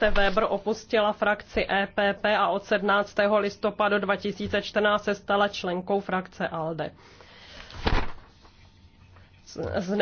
Weber opustila frakci EPP a od 17. listopadu 2014 se stala členkou frakce ALDE. z,